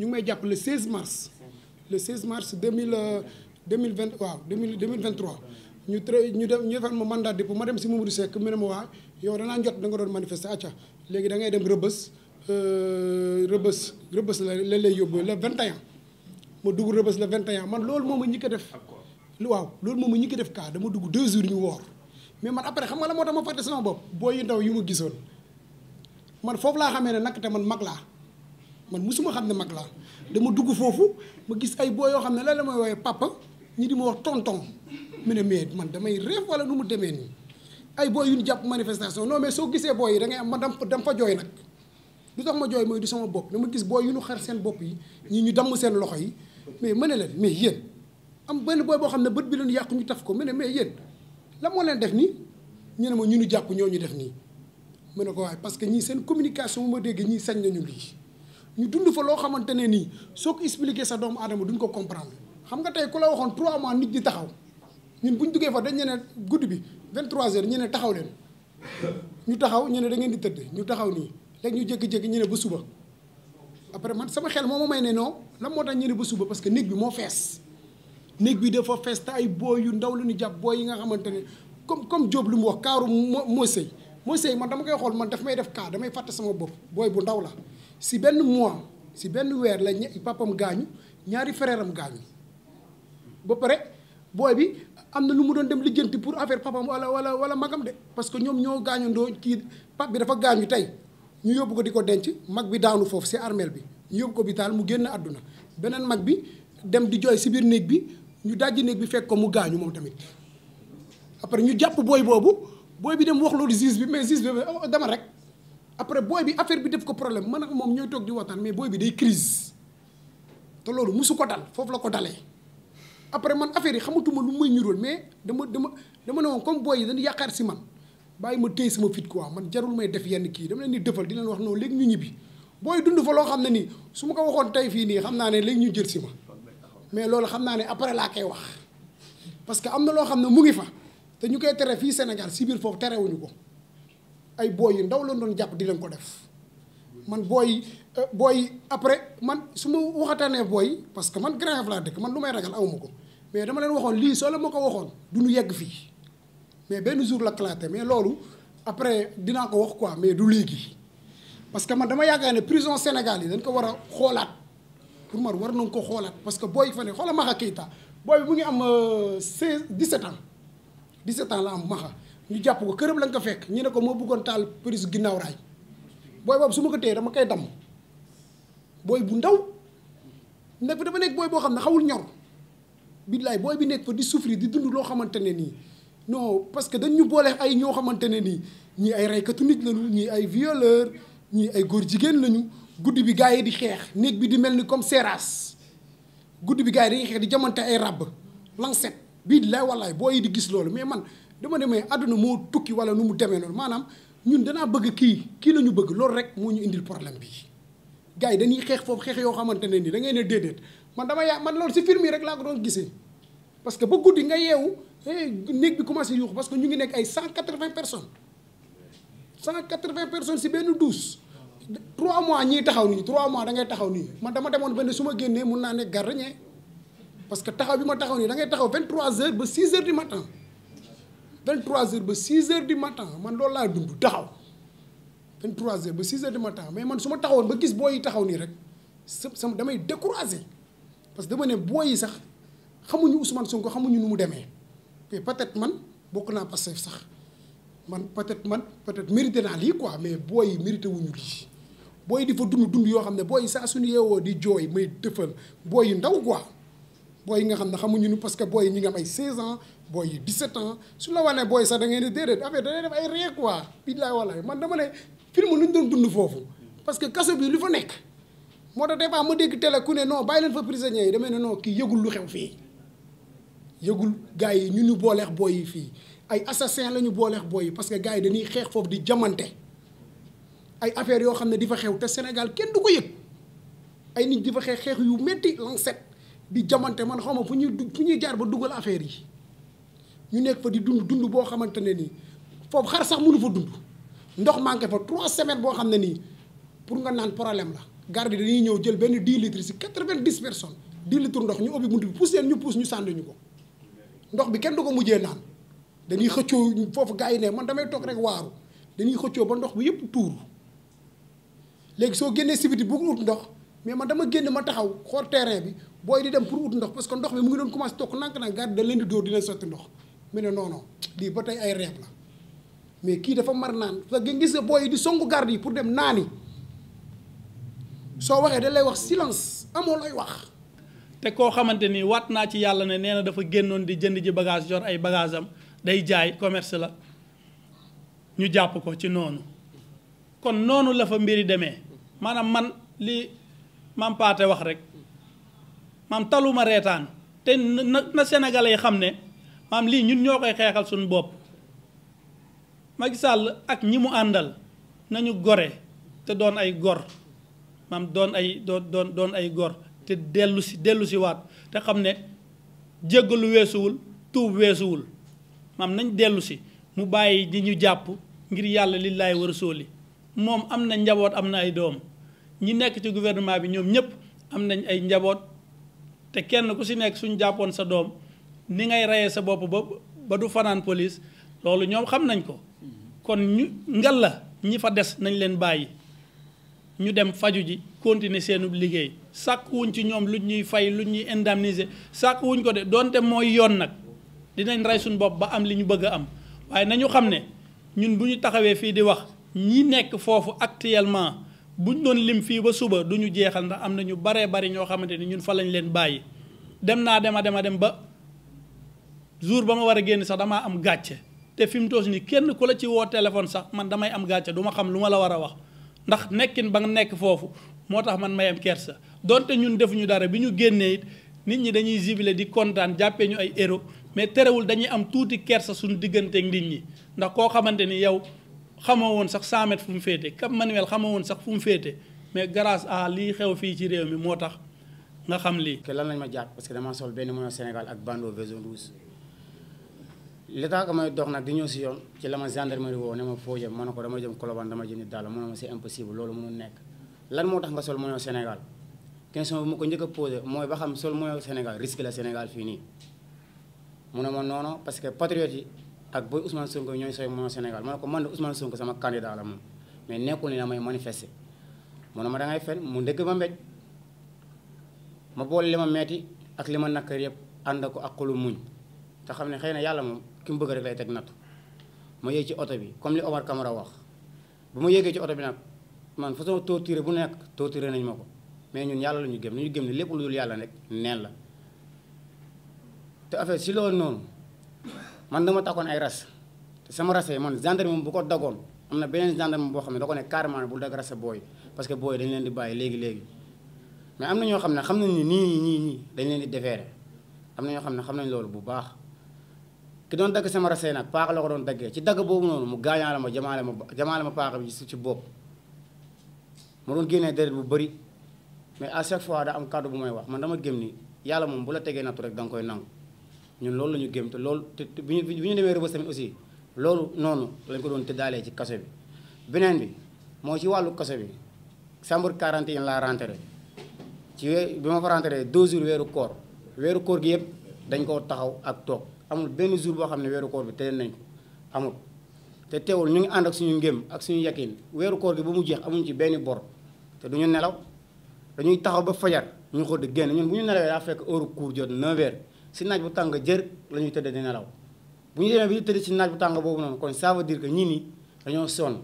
ñu ngi may jàpp le 16 mars le 16 mars 2000 2020 euh, waaw 2023 ñu tr ñu def ñu defal ma mandat dépôt ma dem si Mamadou mu ne ma waa yow danaa njot da nga doon manifester acca léegi da ngay dem rëbës rëbës rëbës la la lay yóbbu le 21 ma dugg rëbës le 21 man loolu moom ma ñi ko def waaw loolu moom a ñi ko def kaa dama dugg deux jours ñu woor mais man après xam nga la moo tax ma fàtte sama bopp booy yu ndaw yu ma gisoon man foofu laa xamee ne nag te man mag laa man musuma xam ne mag laa dama dugg foofu ma gis ay boo yoo xam ne la may woowee papa ñi di ma wax tonton mu ne mais man damay réef wala nu mu demee nii ay booy yu ñu jàpp manifestation non mais soo gisee booy yi da ngay am ma dam dam fa jooy nag lu tax ma jooy mooy du sama bopp dama gis booy yu ñu xar seen bopp yi ñi ñu damm seen loxo yi mais ma ne leen mais yéen am benn booy boo xam ne bët bi leen yàqu ñu taf ko ma ne mais yéen la moo leen def nii ñu ne ma ñu nu jàpp ñoo ñu def nii mu ne ko waaye parce que ñii seen communication bu ma déggee ñii sañ nañu lii ñu dund fa loo xamante ne nii soo ko expliquer sa doomu aadama duñ ko comprendre xam nga tey ku la waxoon 3 mois nit ñi taxaw ñun bu ñu duggee fa dañ ne guddi bi 23h ñu ne taxaw leen ñu taxaw ñu ne da ngeen di tëdd ñu taxaw nii léegi ñu jékki-jékki ñu ne ba suba. après man sama xel moom ma may ne non lan moo tax ñu ne ba suba parce que néeg bi moo fees néeg bi dafa fees te ay booy yu ndaw la ñu jàpp booy yi nga xamante ne comme comme Diop lu mu wax kaaru moo moo sëy mooy sëy man dama koy xool man daf may def cas damay fàtte sama bopp booy bu ndaw la si benn mois si benn weer la papam gaañu ñaari fereeram am gaañu ba pare booy bi am na lu mu doon dem lijjanti pour affaire papam wala wala wala magam de parce que ñoom ñoo gaañandoo kii pap bi dafa gaañu tey ñu yóbbu ko di ko denc mag bi daanu foofu si armeel bi ñu yóbbu ko hôpital mu génn àdduna beneen mag bi dem di jooy si biir néeg bi ñu dajji néeg bi fekk ko mu gaañu moom tamit après ñu jàpp booy boobu booy bi dem wax loolu juge bi mais juge bi oh, dama rek après booy bi affaire bi def ko problème man ak moom ñooy toog di waxtaan mais booy bi day crise te loolu musu ko dal foofu la ko dalee après man affaire yi xamatuma lu may ñuróol mais dama dama dama ne woon comme booy yi dañu yaakaar si man bàyyi ma téye sama fit quoi man jarul may def yenn kii dama leen di defal di leen wax noonu léegi ñu ñibbi booy dund fa loo xam ne nii su ma ko waxoon tey fii nii xam naa ne léegi ñu jël si ma mais loolu xam naa ne après laa koy wax parce que am na loo xam ne mu ngi fa te ñu koy tere fii Sénégal si biir foofu terewuñu ko ay booy yu ndaw lañ doon jàpp di leen ko def man booy euh, booy après man su ma waxataanee booy parce que man Grand Yoff laa man lu may ragal awma ko mais dama leen waxoon lii soo la ko waxoon du ñu fii mais benn jour la claté mais loolu après dinaa ko wax quoi mais du léegi parce que man dama yaakaar ne prison Sénégal yi dañ ko war a xoolaat pour man war nañ ko xoolaat parce que booy fa ne a Maxa Keita booy bi mu ngi am 16 euh, 17 ans. di ans la am maxa ñu jàpp ko këram la nga ko fekk ñu ne ko moo bëggoon taal prise ginnaaw raay booy boobu su ma ko téye dama koy damm booy bu ndaw nekk fa dafa nekk booy boo xam ne xawul ñor billaay booy bi nekk di souffrir di dund loo xamante ne nii non parce que dañ ñu boole ay ñoo xamante ne nii ñii ay reykatu nit lañu ñii ay violeur ñii ay góor jigéen lañu guddi bi gars yi di xeex néeg bi di mel ni comme seeraas guddi bi gars yi dañuy xeex di jamante ay ràbb lancet bii lay wallaay boo yi di gis loolu mais man dama demee àdduna moo tukki wala nu mu demee loolu maanaam ñun danaa bëgg kii kii la ñu bëgg loolu rek moo ñu indil problème bi gars yi dañuy xeex foofu xeex yoo xamante ne nii da ngay ne déedéet man dama yaa man loolu si film rek laa ko doon gisee parce que ba guddi nga yeewu eh, néeg bi commencé yuuxu parce que ñu ngi nekk ay cent quatre-vingts personnes cent quatre-vingts personnes si benn douche trois mois ñiy taxaw nii trois mois da ngay taxaw nii man dama demoon benn su ma génnee mun naa ne gardien parce que taxaw bi ma taxaw nii da ngay taxaw 23h ba 6h du matin trois h ba 6h du matin man loolu laa dund taxaw 23h ba 6h du matin mais man su ma taxawoon ba gis booy taxaw nii rek sama damay découragé parce que dama ne booy yi sax xamuñu Ousmane Sonko xamuñu nu mu demee mais peut-être man bokk naa Pastef sax man peut-être man peut-être mérité naa lii quoi mais booy yi mérité wuñu lii. booy di fa dund yoo xam ne booy saa suñu yeewoo di jooy may dëfal booy yu ndaw quoi. booy yi nga xam ne xamuñu nu parce que booy yi ñu ngi am ay 16 ans booy yi 17 ans su la wanee booy sax da ngeen di déedéet affaire da ngay def ay ree quoi billaay wallaay man dama ne film lu ñu doon dund foofu parce que kaso bi lu fa nekk moo tax des fois ma dégg télé ku ne non bàyyi leen fa prisonniers yi damay ne non kii yëgul lu xew fii yëgul gars yi ñu ñu booleex booy yi fii ay assassin la ñu booleex booy yi parce que gars yi dañuy xeex foofu di jamante ay affaire yoo xam ne di fa xew te Sénégal kenn du ko yëg ay nit di fa xeex xeex yu métti lancet di jamante man xaw ma fu ñuy dug fu ñuy jaar ba dugal affaire yi ñu nekk fa di dund dund boo xamante ne nii foofu xar sax mënu fa dund ndox manqué fa trois semaines boo xam ne nii pour nga naan problème la. garde dañuy ñëw jël benn 10 litres si 90 personnes 10 litres ndox ñu ubbi bunt bi pousse leen ñu pousse ñu sànni ko ndox bi kenn du ko mujjee naan dañuy xëccoo foofu gars yi ne man damay toog rek waaru dañuy xëccoo ba ndox bi yëpp tuuru léegi soo génnee sibiti bu ut ndox mais man dama génn ma taxaw xool terrain bi. booy di dem pour ut ndox parce que ndox mi mu ngi doon commencé toog nànk-nànk gàddu da leen di dóor di leen sotti ndox mu ne ba tey ay reeb mais kii dafa mar naan parce que gis nga booy di songu garde yi pour dem naani waxee da lay wax silence amoo lay wax. te koo xamante ni waat naa ci yàlla ne nee na dafa génnoon di jënd ji bagage yor ay bagage am day jaay commerce la ñu jàpp ko ci noonu kon noonu la fa mbiri demee maanaam man li maam wax rek. maam taluma reetaan te na na sénégalais xam ne maam lii ñun ñoo koy xeexal suñu bopp mag sàll ak ñi mu àndal nañu gore te doon ay gor maam doon ay doon doon ay gor te dellu si dellu waat te xam ne jéggalu weesuwul tuub weesuwul maam nañ dellu si mu bàyyi di ñu jàpp ngir yàlla lillaay war a sóoli moom am na njaboot am na ay doom ñi nekk ci gouvernement bi ñoom ñëpp am nañ ay njaboot te kenn ku si nekk suñ jàppoon sa doom ni ngay reyee sa bopp ba ba du fanaan police loolu ñoom xam nañ ko kon ñu ngal la ñi fa des nañ leen bàyyi ñu dem faju ji continuer seenu liggéey sàkkuwuñ ci ñoom lu ñuy fay lu ñuy indemniser wuñ ko de doonte mooy yoon nag dinañ rey suñ bopp ba am li ñu bëgg a am waaye nañu xam ne ñun bu ñu taxawee fii di wax ñi nekk foofu actuellement buñ doon lim fii ba suba du ñu jeexal ndax am na ñu baree bari ñoo xamante ni ñun fa lañ leen bàyyi dem naa dem a dem a dem ba jour ba ma war a génne sax damaa am gàcce te fi mu toos ni kenn ku la ci woo téléphone sax man damay am gàcce duma xam lu ma la war a wax ndax nekkin ba nga nekk foofu moo tax man mayam kersa donte ñun defuñu dara bi ñu génnee it nit ñi dañuy jibile di kontaan jàppee ñu ay héros mais terewul dañuy am tuuti kersa suñu diggantee nit ñi ndax koo xamante ni yow xamoo woon sax 100 mètres fu mu féete Cap Manuel xamoo woon sax fu mu féete mais grâce à lii xew fii ci réew mi moo tax nga xam lii. que lan lañ ma jàpp parce que dama sol benn mono Sénégal ak bandeau vison rouge li tax nga may dox nag di ñëw si yoon ci la ma woo ne ma foo ma ne ko dama jëm Colobane dama jënd daal ma ne ma c'est impossible loolu mënul nekk lan moo tax nga sol mono Sénégal question bi mu ko njëkk a mooy ba xam sol mono Sénégal risque la Sénégal fii nii mu ne ma noonu parce que yi. ak booy Ousmane Sonko ñooy sooy moom Sénégal ma ne ko man de Ousmane Sonko sama candidat la moom mais nekkul ni damay manifester mu ne ma dangay fen mu ndëgg ma mbéj ma boole li ma metti ak li ma nakkar yëpp ànd ko ak xolu muñ te xam ne xëy na yàlla moom ki mu bëgg rek lay teg nattu ma yéeg ci oto bi comme li Omar Camara wax bu ma yéegee ci oto bi nag man façon torturé bu nekk torturé nañ ma ko mais ñun yàlla la ñu gëm ñu gëm ne lépp lu yàlla nekk neen la te noonu man dama takkoon ay ras te sama rase man gendarme moom bu ko dagoon am na beneen gendarme boo xam ne da ko ne carrément bul dag rase booy que booy dañ leen di bàyyi léegi léegi mais am na ñoo xam ne xam nañ ni nii ñii ñii dañ leen di defeere am na ñoo xam ne nañ loolu bu baax ki doon dagg sama rase nag paaka la ko doon daggee ci dagg boobu noonu mu gaañaale ma jamaale ma jamaale ma paaka bi ci bopp ma doon génnee deret bu bëri mais à chaque fois da am kàddu bu may wax man dama gëm ni yàlla moom bu la tegee nattu rek da nga koy nangu ñun loolu la ñu gëm te loolu te bi ñu demee Rebeuss tamit aussi loolu noonu lañ ko doon tëddaalee ci kaso bi beneen bi mooy ci wàllu kaso bi chambre 41 laa rentré ci weer bi ma fa rentré 2 jours weeru koor weeru koor gi yëpp dañ koo taxaw ak toog amul benn jour boo xam ne weeru koor bi te nañ ko amul te teewul ñu ngi ànd ak suñu ngëm ak suñu yakin weeru koor gi ba mu jeex amuñ ci benn bor te duñu nelaw dañuy taxaw ba fajar ñu xool di génn ñun bu ñu nelawee daa fekk heure cours jot 9 si naaj bu tàng jër la ñuy tëdd di nelaw bu ñu demee bi ñu tëdd si naaj bu tàng boobu noonu kon ça veut dire que ñii nii dañoo sonn